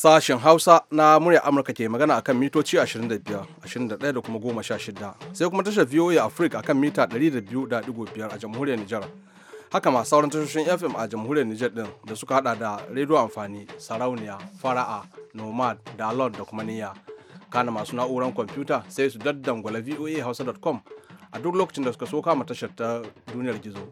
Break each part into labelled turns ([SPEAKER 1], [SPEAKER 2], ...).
[SPEAKER 1] Sashen Hausa na murya Amurka ke magana akan mitoci 25, 21 da kuma 16. Sai kuma tashar VOA Africa akan mita 102.5 a jamhuriyar Nijar. Haka ma sauran tashoshin FM a jamhuriyar Nijar din da suka hada da rediyo amfani, sarauniya, fara'a, nomad, dalon da kuma niyya. Kana masu na'uran kwamfuta sai su daddangwala hausa.com a duk lokacin da suka so kama tashar ta duniyar gizo.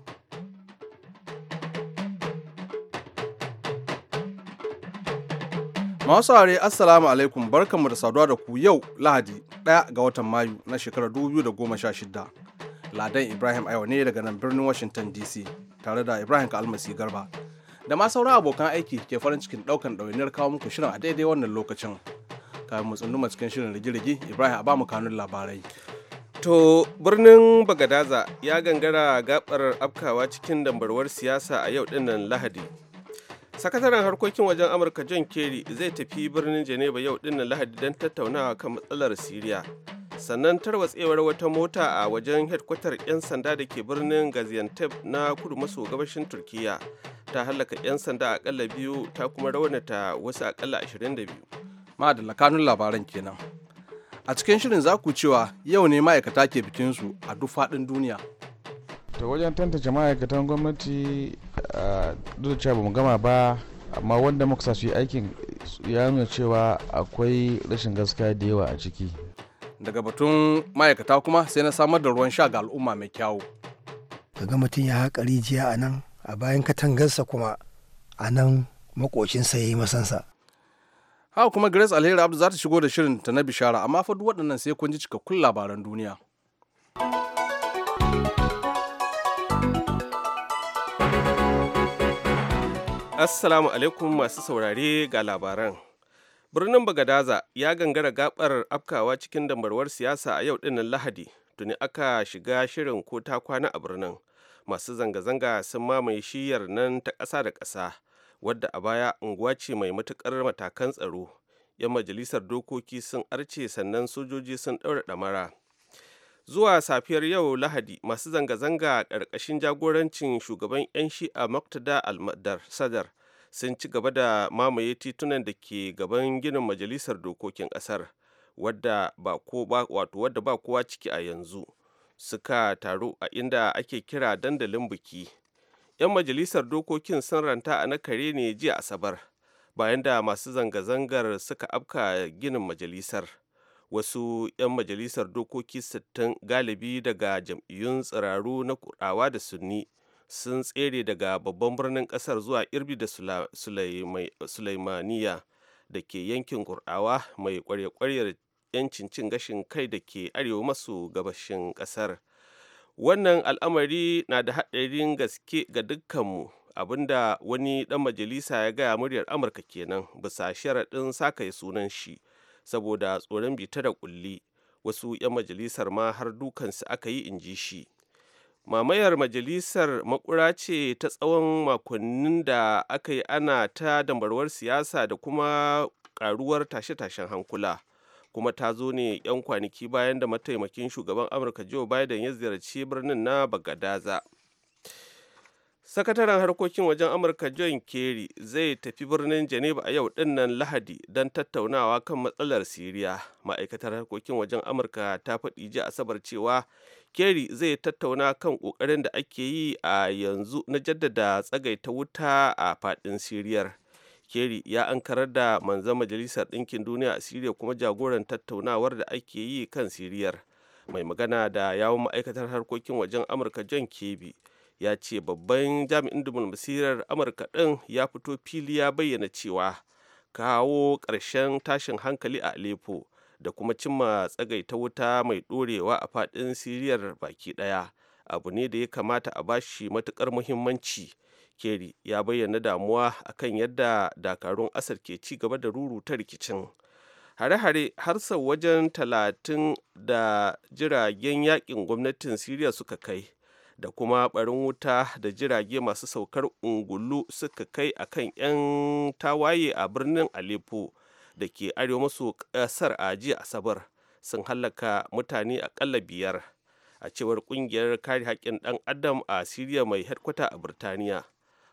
[SPEAKER 1] Masu aure Assalamu alaikum barkanmu da saduwa da ku yau Lahadi ɗaya ga watan Mayu na shekarar 2016. Ladan Ibrahim Aiwa ne daga nan birnin Washington DC tare da Ibrahim Kalmasi Garba. Da ma sauran abokan aiki ke farin cikin ɗaukan ɗawainiyar kawo muku shirin a daidai wannan lokacin. Kayan mu tsunduma cikin shirin rigirigi Ibrahim a ba kanun labarai. To birnin Bagadaza
[SPEAKER 2] ya gangara gabar afkawa cikin dambarwar siyasa a yau dinnan Lahadi. sakataren harkokin wajen amurka john kerry zai tafi birnin geneva yau dinnan lahadi don tattaunawa kan matsalar siriya sannan tarwatsewar wata mota a wajen hedkwatar 'yan sanda da ke birnin gaziantep na kudu maso gabashin turkiya ta halaka 'yan sanda akalla biyu ta kuma raunata wasu akalla 22 madalla kanun labaran kenan
[SPEAKER 1] a cikin shirin za ku cewa yau ne ma'aikata ke bikin su a duk faɗin duniya
[SPEAKER 3] da wajen tantance ma'aikatan gwamnati duk da cewa ba mu gama ba amma wanda muka sa su yi aikin ya nuna cewa akwai rashin gaskiya da yawa a ciki
[SPEAKER 1] daga batun ma'aikata kuma sai na samar da ruwan sha ga al'umma mai kyawu
[SPEAKER 4] ka ga mutum ya haƙa rijiya a nan a bayan katangarsa kuma a nan makocinsa ya yi masansa
[SPEAKER 1] haka kuma grace alheri abdu za ta shigo da shirin ta na bishara amma fa duk waɗannan sai kun ji cikakkun labaran duniya
[SPEAKER 2] Assalamu alaikum masu saurare ga labaran. Birnin Bagadaza ya gangara gabar afkawa cikin dambarwar siyasa a yau dinnan Lahadi, tuni aka shiga shirin ko ta kwana a birnin. Masu zanga-zanga sun mamaye shiyar nan ta ƙasa da ƙasa, wadda a baya unguwa ce mai matuƙar matakan tsaro. 'Yan majalisar dokoki sun arce sannan sojoji sun ɗaura ɗamara. zuwa safiyar yau lahadi masu zanga-zanga ƙarƙashin jagorancin shugaban 'yan shi'a muktada Almadar sadar sun ci gaba da mamaye titunan da ke gaban ginin majalisar dokokin ƙasar wadda ba kowa ciki a yanzu suka taru a inda ake kira dandalin biki 'yan majalisar dokokin sun ranta a nakare ne jiya asabar bayan da masu zanga-zangar suka afka ginin majalisar wasu 'yan majalisar dokoki 60 galibi daga jam'iyyun tsiraru na kurawa da sunni sun tsere daga babban birnin kasar zuwa irbi da sulaimaniya da ke yankin kurawa mai kwarya-kwaryar yancin cin gashin kai da ke arewa masu gabashin kasar wannan al'amari na da haɗarin gaske ga dukkanmu abinda wani ɗan majalisa ya gaya muryar amurka kenan bisa sharaɗin sakaye sunan shi saboda tsoron bita da kulli wasu 'yan majalisar ma har dukansu aka yi in ji shi mamayar majalisar makura ce ta tsawon makonnin da aka yi ana ta dambarwar siyasa da kuma karuwar tashe-tashen hankula kuma ta zo ne 'yan kwanaki bayan da mataimakin shugaban amurka joe biden ya ziyarci birnin na bagadaza sakataren harkokin wajen amurka john kerry zai tafi birnin geneva a yau dinnan lahadi don tattaunawa kan matsalar siriya ma'aikatar harkokin wajen amurka ta faɗi ji asabar cewa kerry zai tattauna kan ƙoƙarin da ake yi a yanzu na jaddada tsagaita wuta a faɗin siriyar kerry ya ankarar da manzan majalisar ɗinkin duniya a siriya kuma jagoran tattaunawar da ake yi kan siriyar mai magana da yawon ma'aikatar harkokin wajen amurka john kebi ya ce babban jami'in basirar amurka ɗin ya fito fili ya bayyana cewa kawo ƙarshen tashin hankali a aleppo da kuma cimma tsagaita wuta mai ɗorewa a faɗin siriyar baki ɗaya abu ne da ya kamata a bashi matuƙar muhimmanci keri ya bayyana damuwa akan yadda dakarun asar ke ci gaba da ruruta rikicin hare-hare har sau wajen talatin da jiragen yakin gwamnatin siriya suka kai da kuma barin wuta da jirage masu saukar ungulu suka kai a kan 'yan tawaye a birnin aleppo da ke arewa maso ƙasar a jiya asabar sun hallaka mutane akalla biyar a cewar kungiyar kare haƙƙin ɗan adam a siriya mai hedkwata a birtaniya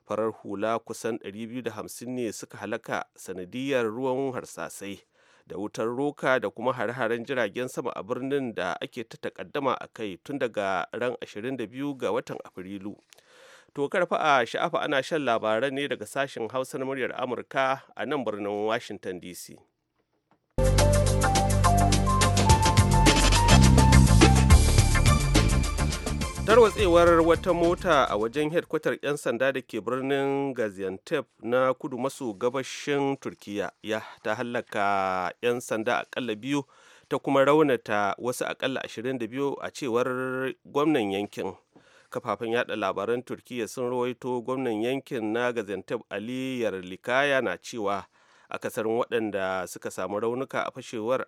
[SPEAKER 2] farar hula kusan 250 ne suka halaka sanadiyar ruwan harsasai da wutar roka da kuma hare-haren jiragen sama a birnin da ake ta takaddama a kai tun daga ran 22 ga watan afrilu to karfa a sha'afa ana shan labaran ne daga sashen hausar muryar amurka a nan birnin washington dc tarwatsewar wata mota a wajen hedkwatar 'yan sanda da ke birnin gaziantep na kudu maso gabashin turkiya ya ta hallaka 'yan sanda akalla biyu ta kuma raunata wasu akalla 22 a cewar gwamnan yankin kafafen yada labaran turkiya sun rawaito gwamnan yankin na gaziantep ali yarlikaya na cewa a kasar waɗanda suka samu raunuka a fashewar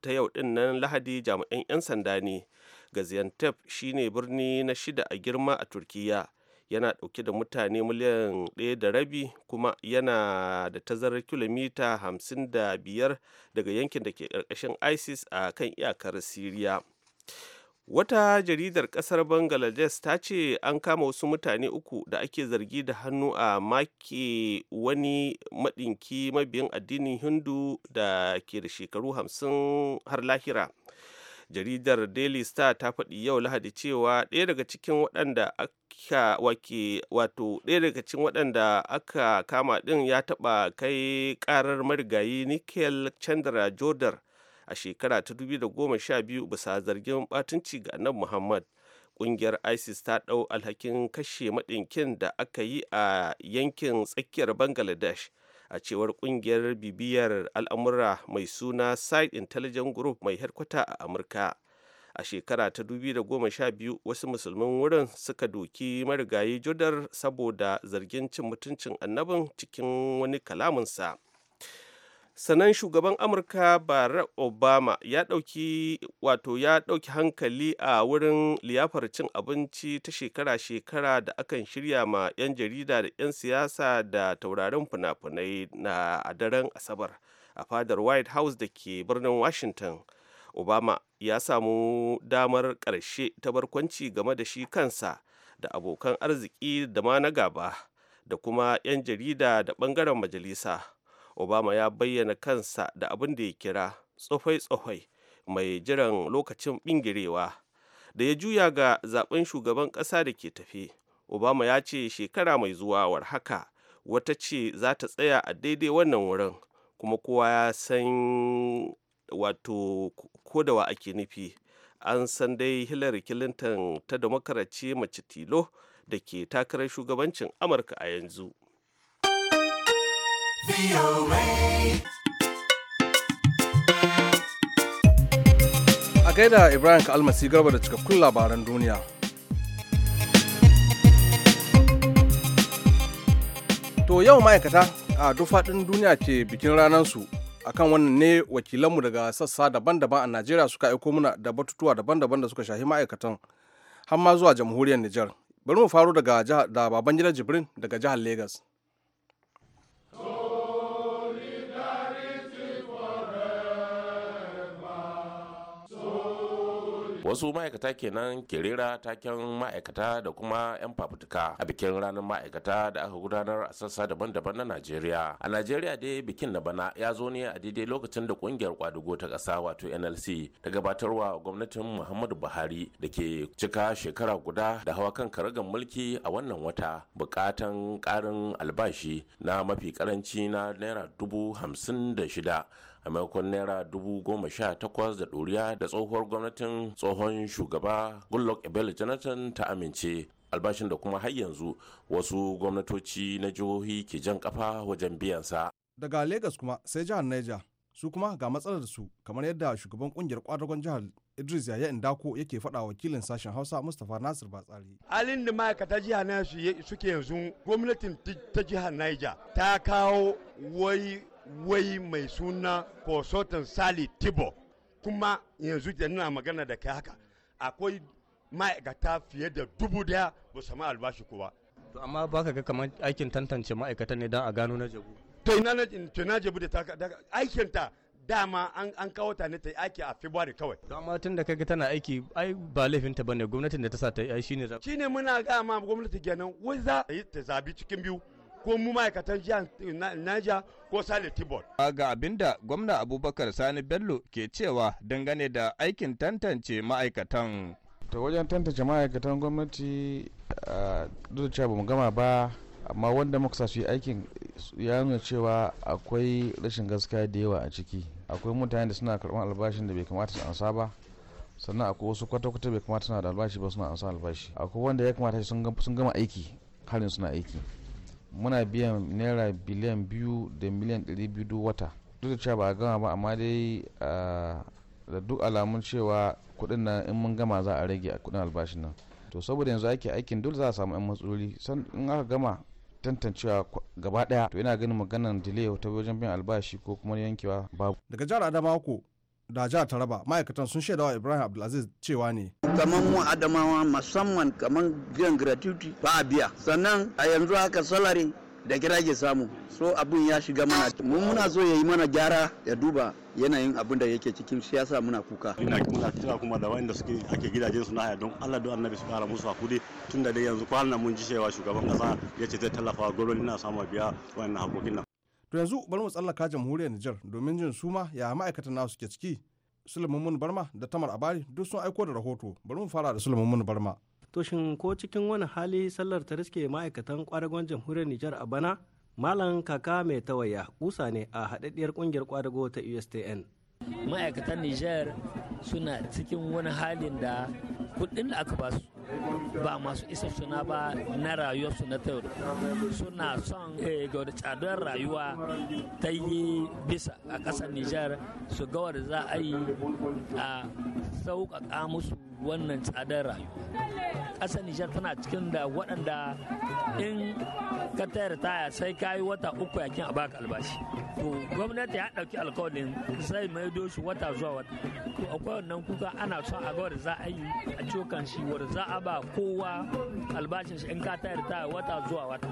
[SPEAKER 2] ta yau ɗin nan lahadi jami'an 'yan sanda ne gaziantep shine birni na shida a girma a turkiya yana ɗauke da mutane miliyan ɗaya da rabi kuma yana da tazarar kilomita hamsin da biyar daga yankin da ke ƙarƙashin isis a kan iyakar siriya wata jaridar ƙasar bangladesh ta ce an kama wasu mutane uku da ake zargi da hannu a make wani maɗinki mabiyin addinin hindu da ke da shekaru hamsin har lahira jaridar daily star ta faɗi yau lahadi cewa ɗaya daga cikin waɗanda aka wake wato ɗaya daga cikin waɗanda aka kama ɗin ya taɓa kai ƙarar marigayi nickel chandra jordan a shekara ta 2012 bisa zargin batunci ga annabi muhammad ƙungiyar isis ta ɗau alhakin kashe maɗinkin da aka yi a yankin tsakiyar bangladesh a cewar kungiyar bibiyar al'amura mai suna side intelligence group mai harkwata a amurka a shekara ta 2012 wasu musulmin wurin suka doki marigayi judar saboda zargin cin mutuncin annabin cikin wani kalaminsa sanan shugaban amurka barack obama ya ɗauki wato ya ɗauki hankali a wurin liyafar cin abinci ta shekara-shekara da akan shirya ma 'yan jarida da 'yan siyasa da taurarin fina-finai na a daren asabar a fadar white house da ke birnin washington obama ya samu damar ƙarshe ta barkwanci game da shi kansa da abokan arziki da ma na gaba da kuma 'yan jarida da bangaren majalisa obama ya bayyana kansa da abin da ya kira tsofai-tsofai mai jiran lokacin bingirewa da ya juya ga zaben shugaban kasa da ke tafe obama ya ce shekara mai zuwa war haka wata ce za ta tsaya a daidai wannan wurin kuma kowa ya san wato kodawa ake nufi an san dai hillary clinton ta da mace tilo da ke takarar shugabancin amurka a yanzu
[SPEAKER 1] A da Ibrahim Kalmasi Garba da cikakkun labaran duniya. To yau ma'aikata a dufaɗin duniya ke bikin ranar ranansu akan wannan ne wakilanmu daga sassa daban-daban a Najeriya suka aiko muna da batutuwa daban-daban da suka shahi ma'aikatan har ma zuwa jamhuriyar Nijar. Bari mu faro daga da Babangida Jibrin daga jihar Legas.
[SPEAKER 5] wasu ma'aikata kenan ke rera taken ma'aikata da kuma 'yan fafutuka a bikin ranar ma'aikata da aka gudanar a sassa daban-daban na najeriya a najeriya dai bikin na bana ya zo ne a daidai lokacin da kungiyar kwadugo ta ƙasa wato nlc ta gabatarwa gwamnatin muhammadu buhari da ke cika shekara guda da hawa kan karagar mulki a wannan wata bukatan karin albashi na mafi karanci na naira dubu hamsin da shida a maimakon naira dubu goma sha takwas da ɗoriya da tsohuwar gwamnatin tsohon shugaba goodluck ebele jonathan ta amince albashin da kuma har yanzu wasu gwamnatoci na jihohi ke jan kafa wajen biyansa
[SPEAKER 1] daga lagos kuma sai jihar niger su kuma ga matsalar su kamar yadda shugaban kungiyar kwadagon jihar idris yaya indako yake faɗa wakilin sashen hausa mustapha nasir batsari
[SPEAKER 4] halin da ma'aikata jihar niger suke yanzu gwamnatin ta jihar niger ta kawo wai wai mai suna kosotan sali tibo kuma yanzu da nuna magana da kai haka akwai ma'aikata fiye da dubu daya ba sami albashi kowa to amma baka ga kamar aikin tantance ma'aikata ne don a gano na jabu to ina na to na jabu da aikin ta dama an an kawo ta ne ta aiki a February kawai to amma tun da kaga tana aiki ai ba laifin ta bane gwamnatin da ta sa ta yi shine shine muna ga ma gwamnati kenan wai za ta zabi cikin biyu ko mu ma'aikatan jihar naija ko Sale Tibor. Ga abinda gwamna Abubakar Sani Bello ke cewa dangane da aikin tantance ma'aikatan.
[SPEAKER 3] Ta wajen tantance ma'aikatan gwamnati duk cewa bamu gama ba amma wanda muka sa su aikin ya nuna cewa akwai rashin gaskiya da yawa a ciki akwai mutane da suna karɓar albashin da bai kamata su ansa ba sannan akwai wasu kwata-kwata bai kamata suna da albashi ba suna ansa albashi akwai wanda ya kamata sun gama aiki harin suna aiki muna biyan naira biliyan biyu da miliyan ɗari biyu duk wata duk da cewa ba a gama ba amma dai da duk alamun cewa kuɗin nan in mun gama za a rage a kuɗin albashin nan to saboda yanzu ake aikin dole za a samu 'yan matsaloli san in aka gama tantancewa gaba ɗaya to ina ganin maganar delay ta wajen biyan albashi ko kuma yankewa babu daga jihar adamawa ko da
[SPEAKER 1] jihar taraba ma'aikatan sun shaidawa ibrahim abdulaziz cewa ne
[SPEAKER 4] kamar mu adamawa musamman kamar biyan gratuity ba a biya sannan a yanzu haka salary da kira ke samu so abin ya shiga mana mun muna so ya yi mana gyara ya duba yanayin abin da yake cikin siyasa muna kuka ina muna kira kuma da wanda suke ake gidajen su na haya don Allah don annabi su kara musu hakuri tunda dai yanzu kwanan mun ji cewa shugaban kasa ya ce zai tallafa gwamnati na samu biya wannan hakokin nan
[SPEAKER 1] To yanzu bari mu tsallaka jamhuriyar Nijar domin jin suma ya ma'aikatan nasu suke ciki. Sulaiman Barma da Tamar Abari duk sun aiko da rahoto. Bari mu fara da Sulaiman Barma.
[SPEAKER 4] To shin ko cikin wani hali sallar ta riske ma'aikatan kwadagon jamhuriyar Nijar a bana? Malam kaka mai tawaya kusa ne a haɗaɗɗiyar ƙungiyar kwadago ta USTN. Ma'aikatan Nijar suna cikin wani halin da kuɗin da aka basu ba masu isa suna ba na su na tauri suna son eh, ga wani tsadar rayuwa ta yi bisa a ƙasar nijar su ga wadda za a yi a sauƙaƙa musu wannan tsadar rayuwa ƙasar nijar tana cikin da waɗanda in ka tayar taya sai ka yi wata uku yakin a baka albashi to gwamnati ya ɗauki alkawarin sai mai doshi wata zuwa wata to akwai wannan kuka ana son a ga wadda za a yi a cokan shi wadda za a aba kowa albashin shi in ka ta wata zuwa wata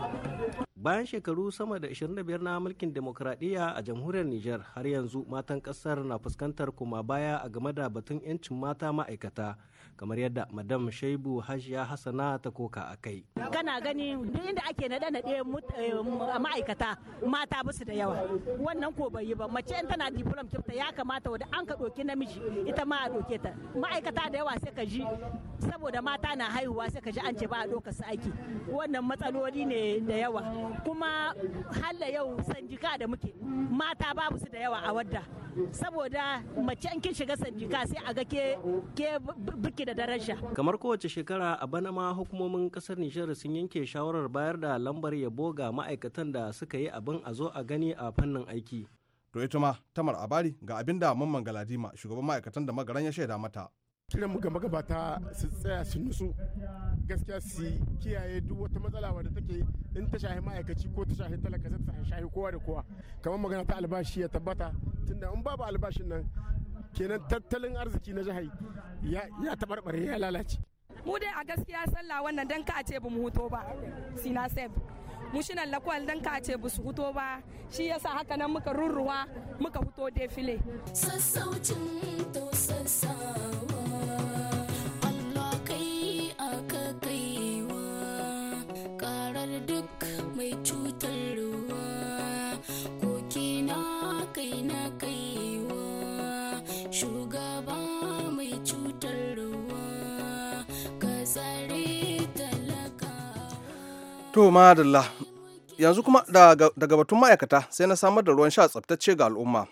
[SPEAKER 4] bayan shekaru sama da 25 na mulkin demokradiyya a jamhuriyar Nijar har yanzu matan kasar na fuskantar kuma baya a game da batun 'yancin mata ma'aikata kamar yadda madam shaibu hajiya hasana ta koka a kai kana gani duk inda ake naɗe naɗe eh, ma'aikata mata basu da yawa wannan ko bai yi ba mace in tana diplom kifta ya kamata wadda an ka ɗoki namiji ita ma a ɗoke ta ma'aikata da yawa sai ka ji saboda mata na haihuwa sai ka ji an ce ba a ɗoka su aiki wannan matsaloli ne da yawa kuma halla yau sanjika da muke mata babu su da yawa a wadda saboda mace in kin shiga sanjika sai a ga ke ke ki da daraja kamar kowace shekara a bana ma hukumomin kasar Nijar sun yanke shawarar bayar da lambar yabo ga ma'aikatan da suka yi abin
[SPEAKER 1] a zo a gani a fannin aiki to ita ma tamar abari ga abin da mamman galadima shugaban ma'aikatan da magaran ya shaida mata kiran mu ga ta su
[SPEAKER 5] tsaya su nutsu gaskiya su kiyaye duk wata matsala wadda take in ta shahi ma'aikaci ko ta shahi talaka ta shahi kowa da kowa kamar magana ta albashi ya tabbata tunda in babu albashin nan kenan tattalin arziki na jihar ya tabarbare ya lalace
[SPEAKER 4] mu dai a gaskiya sallah wannan dan ka ce bamu huto ba sina sef mu nan lakwal dan ka ce su huto ba shi yasa haka nan muka rurruwa muka huto defile sassaucin to sassau
[SPEAKER 1] To madalla yanzu kuma daga batun ma'aikata sai na samar da ruwan sha tsabtacce ga al'umma.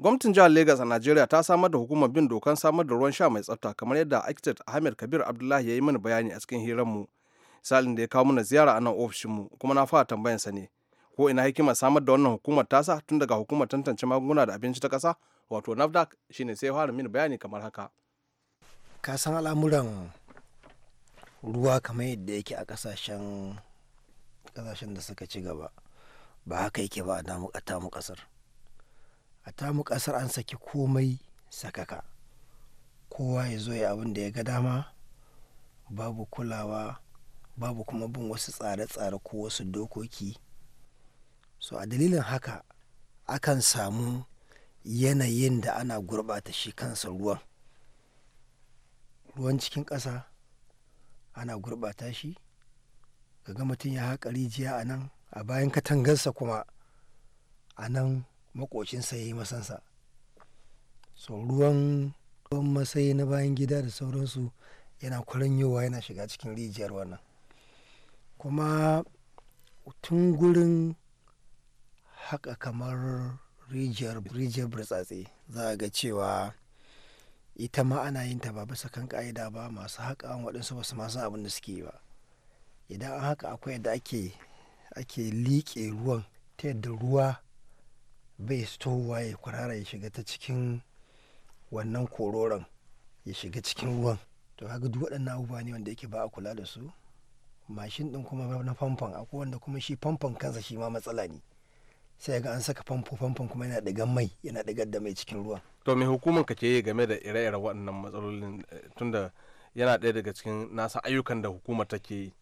[SPEAKER 1] Gwamnatin jihar Legas a Najeriya ta samar da hukumar bin dokan samar da ruwan sha mai tsafta kamar yadda architect Ahmed Kabir Abdullahi ya yi mini bayani a cikin hiranmu. Salin da ya kawo mana ziyara a nan ofishinmu kuma na fara sa ne. Ko ina hikimar samar da wannan hukumar tasa tun daga hukumar tantance magunguna da abinci ta kasa wato nafdak shine sai ya fara mini bayani kamar haka.
[SPEAKER 4] Ka san al'amuran ruwa kamar yadda yake a kasashen kasashen da suka ci gaba ba haka yake ba a tamu kasar a tamu kasar an saki komai sakaka kowa ya zo ya abin da ya ga dama babu kulawa babu kuma bin wasu tsare-tsare ko wasu dokoki so a dalilin haka akan samu yanayin da ana gurɓata shi kansa ruwan ruwan cikin ƙasa ana gurɓata shi ga mutum ya haƙa rijiya a nan a bayan katangarsa kuma a nan maƙocinsa ya yi masansa so ruwan ruwan na bayan gida da sauransu yana kwaranyowa yana shiga cikin rijiyar wannan kuma tun gurin haƙa kamar rijiyar rijiyar burtsatse za a ga cewa ita ma ana yin ta ba bisa kan ka'ida ba masu haka waɗansu ba su masu abin da suke yi ba idan an haka akwai yadda ake ake liƙe ruwan ta yadda ruwa bai stowa ya kurara ya shiga ta cikin wannan kororon ya shiga cikin ruwan to haka duk waɗannan abubuwa ne wanda yake ba a kula da su mashin ɗin kuma na famfon akwai wanda kuma shi famfon kansa shi ma matsala ne sai ga an saka famfo famfon kuma yana ɗigan mai yana ɗigar da mai cikin ruwan to
[SPEAKER 1] mai hukumar ka ke yi game da ire-iren waɗannan matsalolin eh, tunda yana ɗaya daga cikin nasa ayyukan da hukumar take yi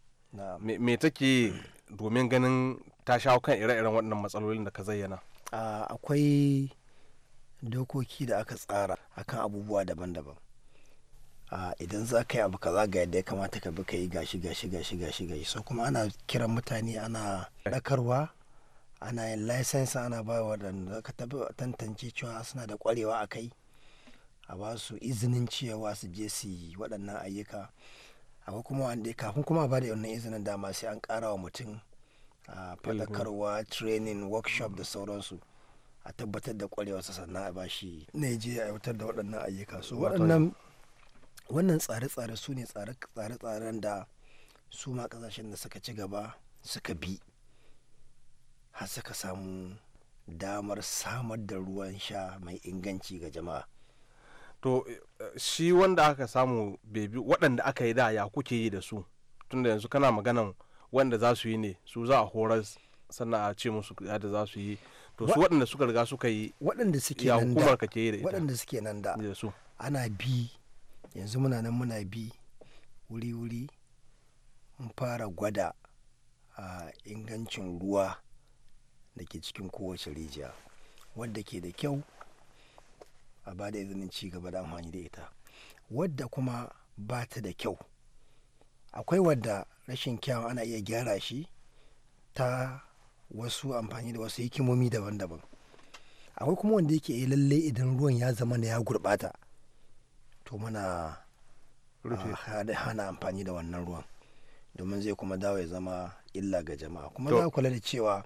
[SPEAKER 1] me take yi domin ganin ta shawo kan ire-iren waɗannan
[SPEAKER 4] matsalolin da ka zayyana akwai dokoki da aka tsara akan abubuwa daban-daban idan za ka yi abu kaza ga yadda ya kamata ka bi ka yi gashi gashi gashi gashi gashi so kuma ana kiran mutane ana ɗakarwa ana yin license ana ba waɗanda ka taɓa tantance cewa suna da ƙwarewa a kai a ba su izinin cewa su je su yi waɗannan ayyuka akwai kuma wanda kafin kuma ba da wannan izinin dama sai an ƙara wa mutum a fadakarwa training workshop da sauransu a tabbatar da ƙwarewarsa sannan a ba shi ne je a aiwatar da waɗannan ayyuka so waɗannan wannan tsare-tsare su ne tsare-tsaren da su ma ƙasashen da suka ci gaba suka bi har suka samu damar samar da ruwan sha mai inganci ga jama'a
[SPEAKER 1] to eh, eh, shi wanda aka samu bebi waɗanda aka yi da ya kuke yi da su tunda yanzu kana maganan wanda za su yi ne su za a horar sannan a ce musu yadda za su yi to su waɗanda suka riga suka yi
[SPEAKER 4] waɗanda suke nan da ka ke yi da ita waɗanda suke nan da ana bi yanzu muna nan muna bi wuri-wuri mun fara gwada a ah, ingancin ruwa da ke cikin kowace rijiya wadda ke da kyau a ba da izinin ci gaba da amfani da ita wadda kuma ba ta da kyau akwai wadda rashin kyawun ana iya gyara shi ta wasu amfani da wasu hikimomi daban-daban akwai kuma wanda yake eh, lalle idan ruwan ya zama da ya gurbata to muna ah, hana amfani da wannan ruwan domin zai kuma dawo ya zama illa ga jama'a kuma za kula da cewa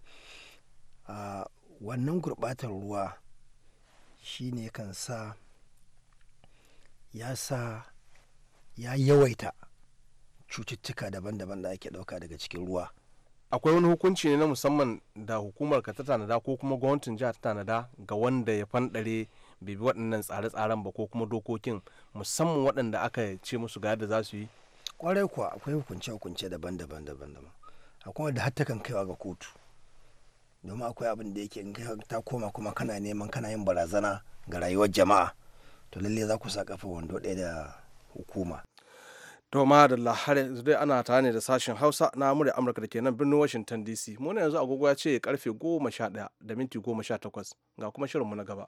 [SPEAKER 4] wannan gurbatar ruwa shi ne kan sa ya sa ya yawaita cututtuka daban-daban da ake ɗauka daga cikin ruwa
[SPEAKER 1] akwai wani hukunci ne na musamman da hukumar ka ta tanada ko kuma gwamnatin jiha ta tanada ga wanda ya fanɗare bibi waɗannan tsare-tsaren ba
[SPEAKER 4] ko kuma dokokin musamman waɗanda aka ce musu ga yadda za su yi kwarai kuwa akwai hukunce-hukunce daban-daban daban akwai wanda har takan kaiwa ga kotu domin akwai abin da yake in ta koma kuma kana neman kana yin barazana ga rayuwar jama'a to lalle za ku sa kafa wando ɗaya da hukuma to da har yanzu dai ana
[SPEAKER 1] tare ne da sashen hausa na murya amurka da ke nan birnin washington dc muna yanzu agogo ya ce karfe goma sha ɗaya da minti goma sha takwas ga kuma shirin mu na gaba.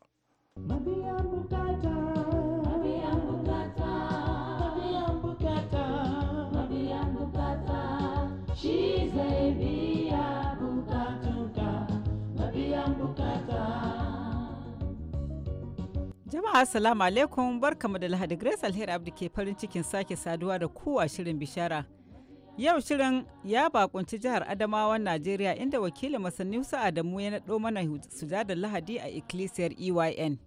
[SPEAKER 4] Jama'a salamu alaikum barkamu da Lahadi Grace Alheri Abdi ke farin cikin sake saduwa da ku shirin bishara. Yau shirin ya bakunci jihar Adamawan Najeriya inda wakilin masanin Adamu ya naɗo mana sujadar Lahadi a ikkilisiyar EYN.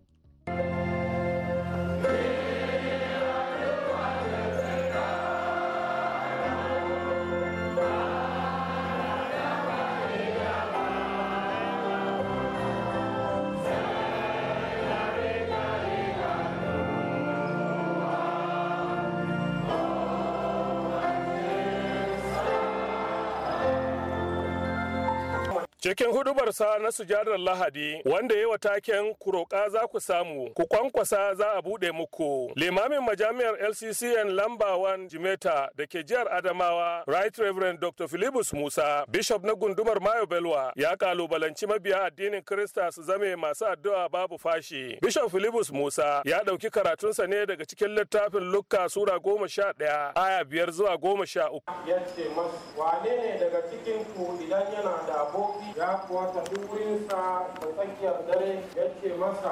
[SPEAKER 3] Cikin Sa
[SPEAKER 2] na sujadar Lahadi wanda ya taken ku roƙa za ku samu ku kwankwasa za a buɗe muku. Limamin majami'ar LCCN lamba 1 Jimeta da ke jihar Adamawa Right Reverend Dr. Philibus Musa Bishop na gundumar Mayo Belwa ya kalubalanci mabiya addinin Kirista su zame masu addu'a babu fashi. Bishop Philibus Musa ya ɗauki karatunsa ne daga cikin littafin Lukka Sura goma sha ɗaya aya biyar zuwa goma sha uku.
[SPEAKER 5] Ya ce masu wane ne daga cikin ku idan yana da ya kuwa tafi wurinsa da tsakiyar dare ya ce masa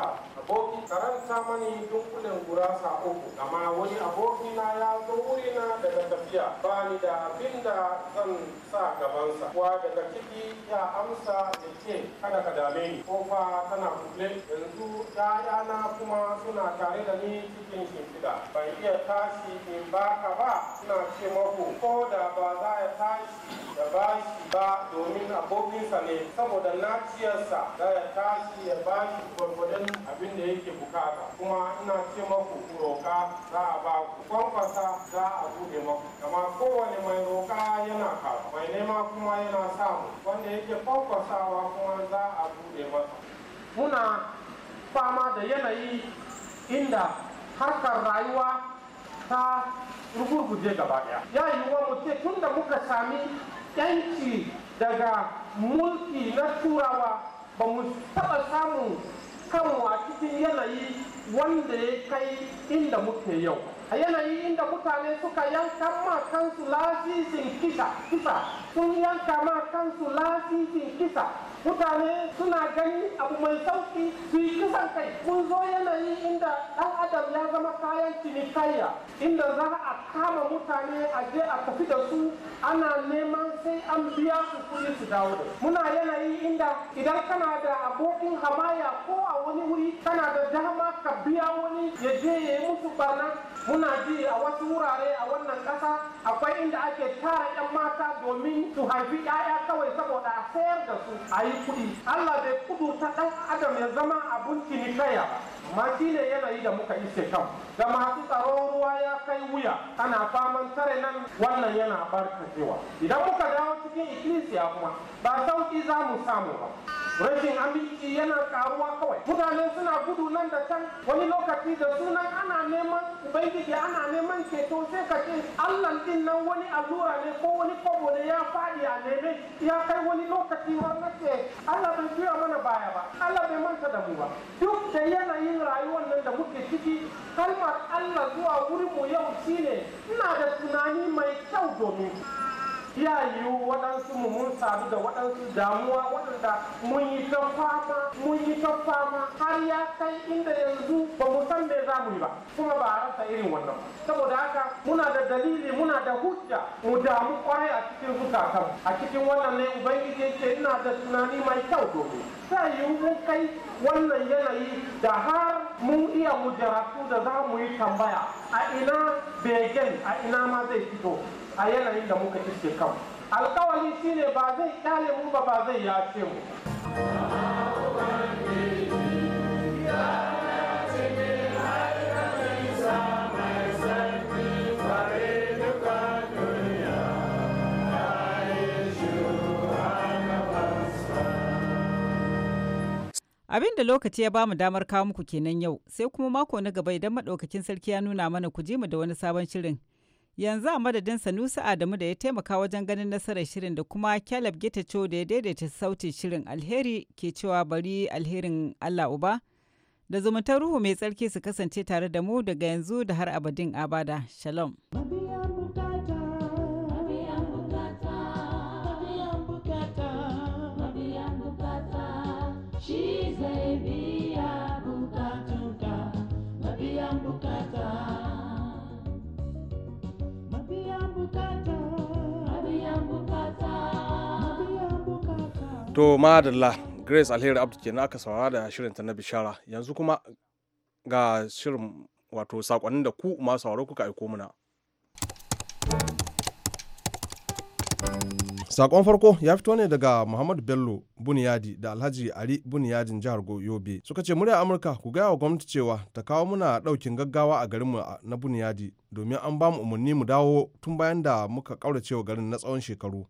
[SPEAKER 5] aboki karanta mani dunkulen gurasa uku amma wani abokina ya zo wurina daga tafiya Bani da abin da zan sa gabansa kuwa daga ciki ya amsa da ke kada ka dame ni ko fa tana kulle yanzu ‘ya'yana kuma suna tare da ni cikin shimfiɗa ban iya tashi in ba ka ba suna ce mako ko da ba za ya tashi da bashi ba domin abokinsa ne saboda naciyarsa za ya tashi ya bashi gwargwadon kuma ina ce maku ku za a ba ku kwankwasa za a bude maku kama kowane mai roƙa yana kawo mai nema kuma yana samu wanda yake kwankwasawa kuma za a bude masa muna fama da yanayi inda harkar rayuwa ta rugurguje gaba daya ya yiwuwa mu ce tun da muka sami yanci daga mulki na turawa ba mu taɓa samu kanmu a cikin yanayi wanda ya kai
[SPEAKER 1] inda muke yau
[SPEAKER 5] a yanayi inda mutane suka yanka ma kansu lasisin kisa kisa sun yanka ma kansu lasisin kisa mutane suna gani abu mai sauki su yi kisan kai mun zo yanayi inda dan adam ya zama kayan cinikayya inda za a kama mutane a je a tafi da su ana neman sai an biya su kuɗi su dawo da muna yanayi idan kana da abokin hamaya ko a wani wuri kana da dama ka biya wani ya je ya yi musu barna muna ji a wasu wurare a wannan ƙasa akwai inda ake tara 'yan mata domin su haifi 'ya'ya kawai saboda a sayar da su a yi kuɗi allah bai kudu ta ɗan adam ya zama abun cinikaya kaya. shi ne yanayi da muka iske kan da masu tsaron ruwa ya kai wuya ana faman tare nan wannan yana cewa. idan muka dawo cikin ikkilisiya kuma ba sauki za mu samu ba rashin aminci yana karuwa kawai mutane suna gudu nan da can wani lokaci da sunan ana neman ubai ubangiji ana neman ceto sai ka ce allah din nan wani allura ne ko wani kobo ne ya faɗi a neme ya kai wani lokaci har na ce allah bai juya mana baya ba allah bai manta da mu ba duk da yanayin rayuwar nan da muke ciki kalmar allah zuwa wurin mu yau shine ina da tunani mai kyau domin yayu yiwu waɗansu mu mun sadu da waɗansu damuwa waɗanda mun yi ta fama mun yi ta fama har ya kai inda yanzu ba mu san me za mu yi ba kuma ba a rasa irin wannan saboda haka muna da dalili muna da hujja mu damu kwarai a cikin zukatan a cikin wannan ne ubangiji yake ina da tunani mai kyau domin ta yiwu mun kai wannan yanayi da har mun iya mu da za mu yi tambaya a ina begen a ina ma zai fito a yanayin da muka kishe kan alkawali shine ba zai kyale mu ba ba zai yace mu
[SPEAKER 4] Abin da lokaci ya bamu damar kawo muku kenan yau, sai kuma mako na gaba idan maɗaukacin sarki ya nuna mana ku ji mu da wani sabon shirin. yanzu a madadin sanusi adamu da ya taimaka wajen ganin nasarar shirin da kuma caleb gitacho da ya daidaita sautin shirin alheri ke cewa bari alherin allah uba da zumuntar ruhu mai tsarki su kasance tare da mu daga yanzu da har abadin abada shalom
[SPEAKER 1] To madalla Grace Alheri Abdu kenan aka saurara da ta na bishara yanzu kuma ga shirin wato sakonnin da ku masu sauraro kuka aiko muna. Sakon farko ya fito ne daga Muhammad Bello Buniyadi da Alhaji Ari Buniyadin jihar Yobe. Suka ce murya Amurka ku gaya wa gwamnati cewa ta kawo muna daukin gaggawa a garinmu na Buniyadi domin an ba mu umarni mu dawo tun bayan da muka kauracewa garin na tsawon shekaru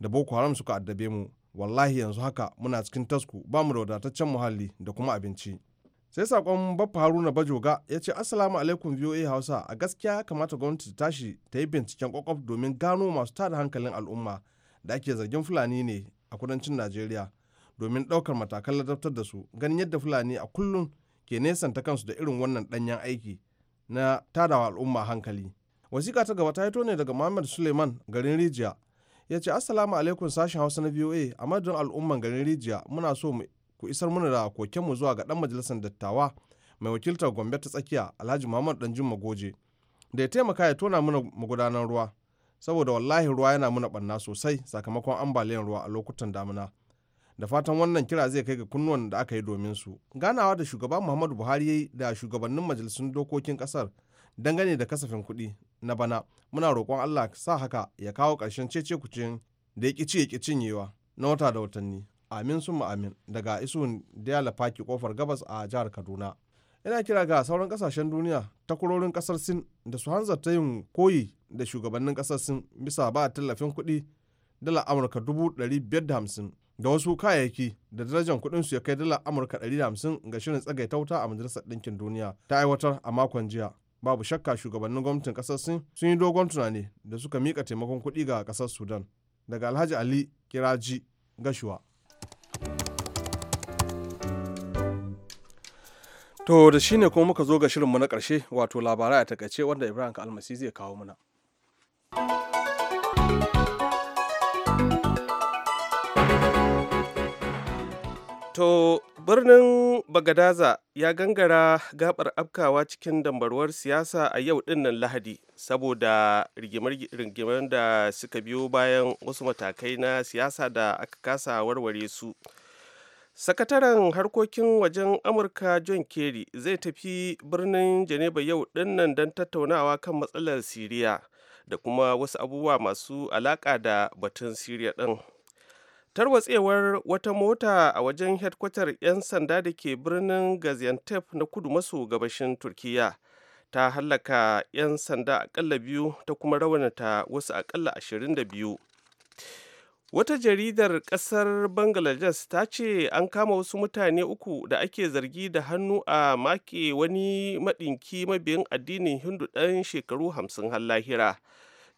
[SPEAKER 1] da Boko Haram suka addabe mu. wallahi yanzu haka muna cikin tasku ba mu da wadataccen muhalli da kuma abinci sai sakon baffa haruna bajoga ya ce assalamu alaikum voa hausa a gaskiya ya kamata gwamnati ta tashi ta yi binciken kwakwaf domin gano masu tada hankalin al'umma da ake zargin fulani ne a kudancin najeriya domin ɗaukar matakan ladabtar da su ganin yadda fulani a kullum ke nesanta kansu da irin wannan ɗanyen aiki na tadawa al'umma hankali wasiƙa ta gaba ta hito ne daga muhammad suleiman garin rijiya ya ce assalamu alaikum sashen hausa na voa a madadin al'umman garin rijiya muna so ku isar muna da kokenmu zuwa ga dan majalisar dattawa mai wakiltar gombe ta tsakiya alhaji muhammad danjin magoje da ya taimaka ya tona muna magudanar ruwa saboda wallahi ruwa yana muna banna sosai sakamakon ambaliyar ruwa a lokutan damina da fatan wannan kira zai kai ga kunnuwan da aka yi domin su ganawa da shugaban muhammadu buhari da shugabannin majalisun dokokin kasar dangane da kasafin kuɗi na bana muna roƙon allah sa haka ya kawo ƙarshen cece kucin da ya ƙici ya ƙi cinyewa na wata da watanni amin sun amin daga isun diyala faki kofar gabas a jihar kaduna ina kira ga sauran kasashen duniya takwarorin ƙasar sin da su hanzarta yin koyi da shugabannin ƙasar sin bisa ba tallafin kuɗi dala amurka dubu ɗari biyar da hamsin da wasu kayayyaki da darajar kuɗin su ya kai dala amurka ɗari da hamsin ga shirin tsagaita wuta a majalisar ɗinkin duniya ta aiwatar a makon jiya babu shakka shugabannin gwamnatin kasar sun yi dogon tunani da suka mika taimakon kuɗi ga kasar sudan daga alhaji ali kiraji gashuwa to da shi ne kuma muka zo ga shirinmu na ƙarshe wato labarai a takaice wanda ibrahim almasi zai kawo mana
[SPEAKER 2] to birnin bagadaza ya gangara gabar afkawa cikin dambarwar siyasa a yau dinnan lahadi saboda rigimar da suka biyo bayan wasu matakai na siyasa da aka kasa warware su sakataren harkokin wajen amurka john kerry zai tafi birnin geneva yau dinnan don tattaunawa kan matsalar siriya da kuma wasu abubuwa masu alaka da batun siriya din tarwatsewar wata mota a wajen hedkwatar 'yan sanda da ke birnin gaziantep na kudu maso gabashin turkiya ta hallaka 'yan sanda akalla biyu ta kuma raunata wasu akalla biyu wata jaridar kasar bangladesh ta ce an kama wasu mutane uku da ake zargi da hannu a make wani maɗinki mabiyin addinin hindu ɗan shekaru hamsin har lahira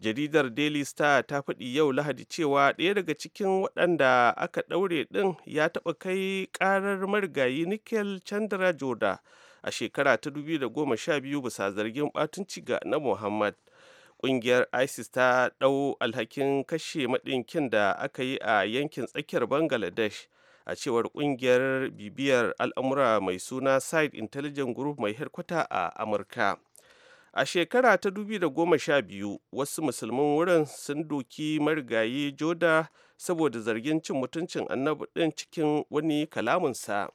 [SPEAKER 2] jaridar daily star ta faɗi yau lahadi cewa ɗaya daga cikin waɗanda aka ɗaure ɗin ya taɓa kai ƙarar marigayi nickel chandra joda a shekara ta 2012 bisa zargin ɓatunci ga na muhammad ƙungiyar isis ta ɗau alhakin kashe maɗinkin da aka yi a yankin tsakiyar bangladesh a cewar ƙungiyar bibiyar al'amura mai suna side intelligence group mai a amurka a shekara ta 2012 wasu musulmin wurin sun doki marigayi joda saboda zargin cin mutuncin annabi ɗin cikin wani kalamunsa.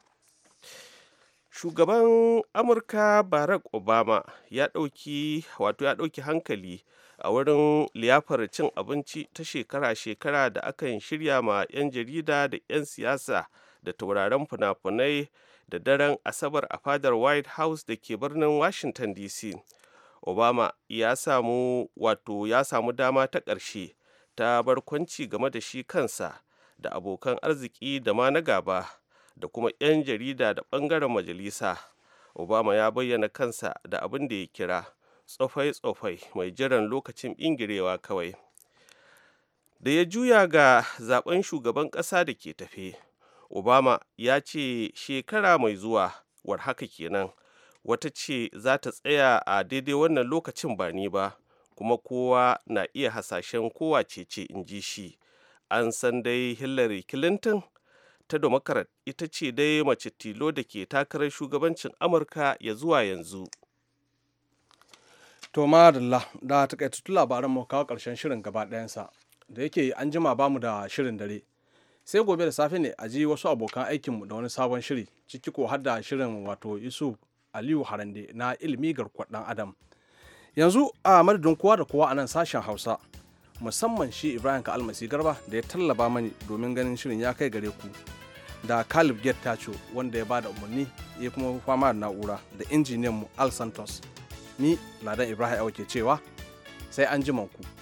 [SPEAKER 2] shugaban amurka barack obama ya ɗauki wato ya ɗauki hankali a wurin liyafar cin abinci ta shekara-shekara da akan shirya ma 'yan jarida da 'yan siyasa da tauraron fina-finai da daren asabar a fadar white house da ke birnin washington dc obama ya samu wato ya samu dama ta ƙarshe ta barkwanci game da shi kansa da abokan arziki da ma na gaba da kuma 'yan jarida da ɓangaren majalisa obama ya bayyana kansa da abin da ya kira tsofai-tsofai mai jiran lokacin ingirewa kawai da ya juya ga zaben shugaban ƙasa da ke tafe obama ya ce shekara mai zuwa war haka kenan wata ce za ta tsaya a daidai wannan lokacin ba ni ba kuma kowa na iya hasashen kowa ce in ji shi an san dai hillary clinton ta democrat ita ce dai mace tilo da ke takarar shugabancin amurka ya zuwa yanzu
[SPEAKER 1] to madalla da takaitattun labaran mu kawo karshen shirin gaba ɗayansa da yake an jima bamu da shirin dare sai gobe da safe ne a ji wasu abokan aikinmu da wani sabon shiri ciki ko har da shirin wato yusuf aliyu harande na ilimi garkuwar dan adam yanzu a madadin kowa da kowa a nan sashen hausa musamman shi ibrahim ka almasi garba da ya tallaba mani domin ganin shirin ya kai gare ku da caleb get tacho wanda ya ba da umarni ya kuma fama da na'ura da injiniyanmu al santos ni ladan ibrahim ke cewa sai an ku.